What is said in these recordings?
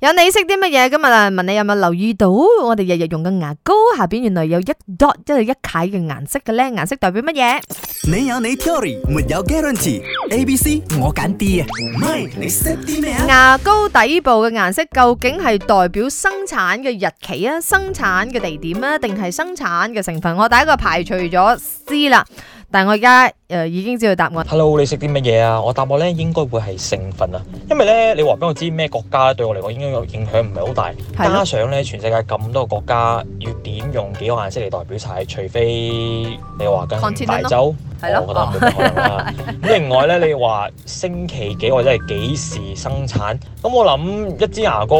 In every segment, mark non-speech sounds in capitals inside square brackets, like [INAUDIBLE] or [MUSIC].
有你識啲乜嘢今日啊？問你有冇留意到我哋日日用嘅牙膏下邊原來有一 dot 即係一楷嘅顏色嘅咧？顏色代表乜嘢？你有你 theory 沒有 guarantee ABC?。A、B、C 我揀 D 啊！咪你識啲咩啊？牙膏底部嘅顏色究竟係代表生產嘅日期啊？生產嘅地點啊？定係生產嘅成分？我第一個排除咗 C 啦。但係我而家誒已經知道答案。Hello，你食啲乜嘢啊？我答案咧，應該會係成分啊，因為咧，你話俾我知咩國家咧，對我嚟講應該有影響唔係好大。加上咧，全世界咁多國家要點用幾個顏色嚟代表晒？除非你話緊大洲，係咯、啊，我諗冇可能啦。咁 [LAUGHS] 另外咧，你話星期幾，或者係幾時生產？咁我諗一支牙膏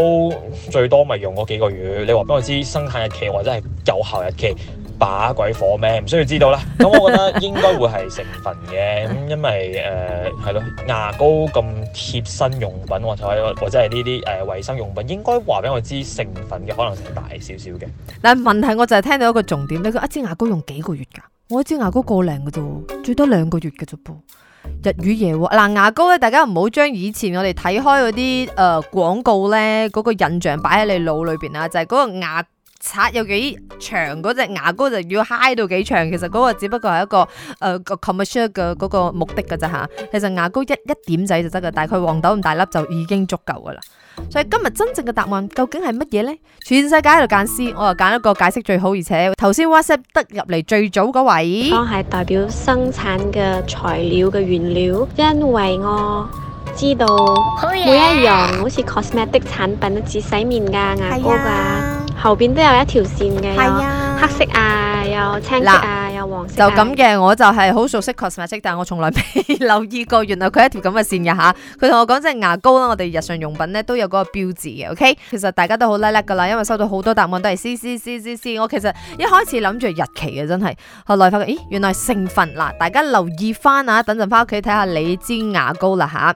最多咪用過幾個月。你話俾我知生產日期或者係有效日期？把鬼火咩？唔需要知道啦。咁我覺得應該會係成分嘅。咁 [LAUGHS] 因為誒係咯，牙膏咁貼身用品或者或係呢啲誒衞生用品，應該話俾我知成分嘅可能性大少少嘅。但問題我就係聽到一個重點，你個一支牙膏用幾個月㗎、啊？我一支牙膏過零㗎啫，最多兩個月㗎啫噃，日與夜嗱、啊、牙膏咧，大家唔好將以前我哋睇開嗰啲誒廣告咧嗰、那個印象擺喺你腦裏邊啦，就係、是、嗰個牙。刷有幾長嗰隻牙膏就要嗨到幾長，其實嗰個只不過係一個誒個、呃、commercial 嘅個目的噶咋吓。其實牙膏一一點仔就得噶，大概黃豆咁大粒就已經足夠噶啦。所以今日真正嘅答案究竟係乜嘢呢？全世界喺度揀 C，我又揀一個解釋最好，而且頭先 WhatsApp 得入嚟最早嗰位，我係代表生產嘅材料嘅原料，因為我知道每一樣好似 cosmetic 產品都似洗面噶牙膏噶、啊。後邊都有一條線嘅，啊、有黑色啊，有青色啊。就咁嘅，我就係好熟悉 cosmetic，但係我從來未留意過，原來佢一條咁嘅線嘅吓。佢同我講即係牙膏啦，我哋日常用品咧都有嗰個標誌嘅。OK，其實大家都好叻叻噶啦，因為收到好多答案都係 C C C C C。我其實一開始諗住日期嘅，真係後來發覺，咦，原來成分嗱，大家留意翻啊，等陣翻屋企睇下你支牙膏啦吓、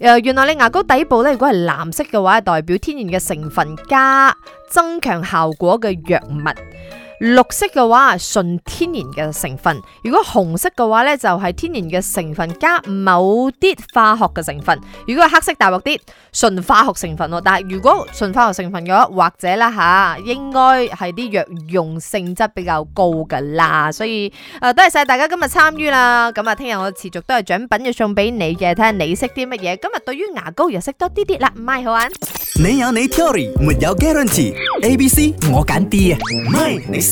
呃。原來你牙膏底部咧，如果係藍色嘅話，代表天然嘅成分加增強效果嘅藥物。綠色嘅話純天然嘅成分，如果紅色嘅話咧就係天然嘅成分加某啲化學嘅成分，如果係黑色大鑊啲純化學成分咯，但係如果純化學成分嘅話，或者啦吓，應該係啲藥用性質比較高噶啦，所以誒，多謝晒大家今日參與啦，咁啊，聽日我持續都係獎品要送俾你嘅，睇下你識啲乜嘢，今日對於牙膏又識多啲啲啦，唔係好玩，你有你 theory，沒有 guarantee，A B C 我揀 D 啊，唔係你。